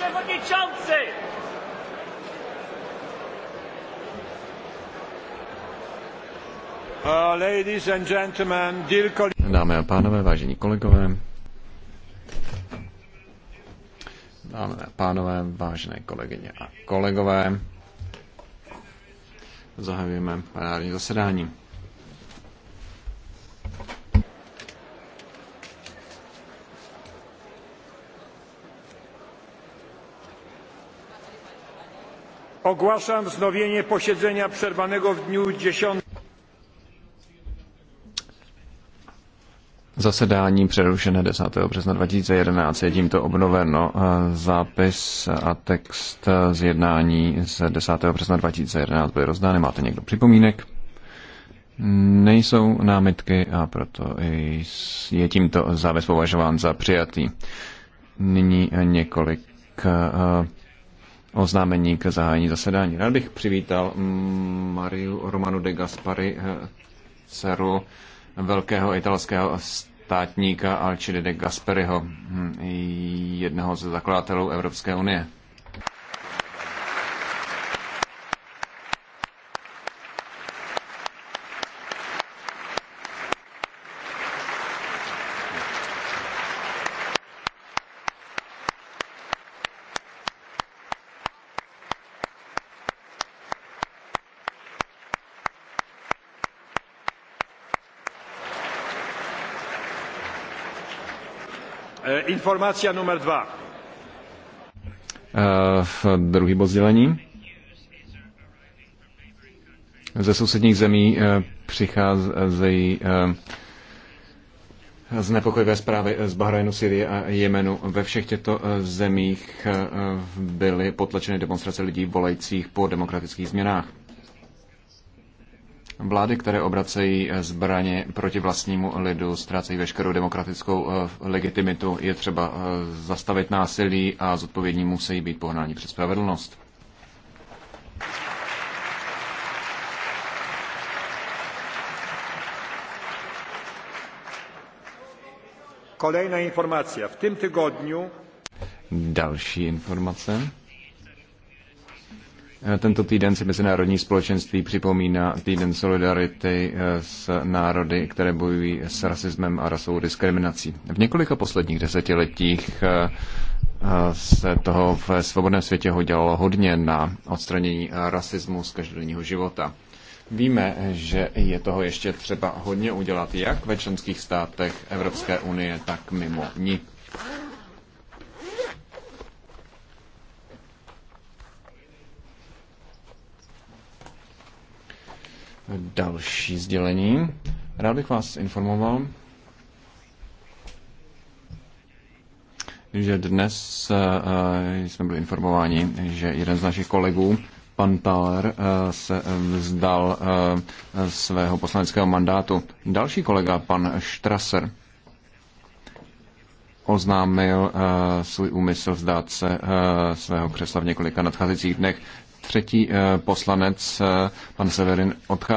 przewodniczący! Uh, ladies and gentlemen, Dámy a pánové, vážení kolegové, dámy a pánové, vážené kolegyně a kolegové, zahajujeme parádní zasedání. Ogłaszam wznowienie posiedzenia przerwanego w dniu 10. Zasedání přerušené 10. března 2011 je tímto obnoveno. Eh, zápis a text eh, z jednání z 10. března 2011 byly rozdány. Máte někdo připomínek? Nejsou námitky a proto je tímto závěs považován za přijatý. Nyní několik eh, oznámení k zahájení zasedání. Rád bych přivítal Mariu Romanu de Gaspari, eh, dceru velkého italského státníka Alcide de Gasperiho, hm, jednoho ze zakladatelů Evropské unie. Eh, informace numer dva. Eh, v druhý bod sdělení. Ze sousedních zemí eh, přicházejí znepokojivé zprávy z Bahrajnu, Syrie a Jemenu. Ve všech těchto zemích byly potlačeny demonstrace lidí volajících po demokratických změnách. Vlády, které obracejí eh, zbraně proti vlastnímu lidu, ztrácejí veškerou demokratickou eh, legitimitu. Je třeba eh, zastavit násilí a zodpovědní musí být pohnání před spravedlnost. Kolejná informace. V tom týdnu. Další informace. Eh, tento týden si mezinárodní společenství připomíná týden solidarity eh, s národy, které bojují s rasismem a rasovou diskriminací. V několika posledních desetiletích eh, se toho v svobodném světě dělalo hodně na odstranění rasismu z každodenního života. Víme, že je toho ještě třeba hodně udělat jak ve členských státech Evropské unie, tak mimo ní. Další sdělení. Rád bych vás informoval, že dnes eh, eh, jsme byli informováni, že jeden z našich kolegů, pan Thaler, eh, se vzdal svého poslaneckého mandátu. Další kolega, pan Strasser, oznámil svůj úmysl vzdát se svého křesla v několika nadcházejících dnech. Třetí poslanec, pan Severin, odchází.